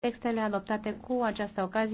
Textele adoptate cu această ocazie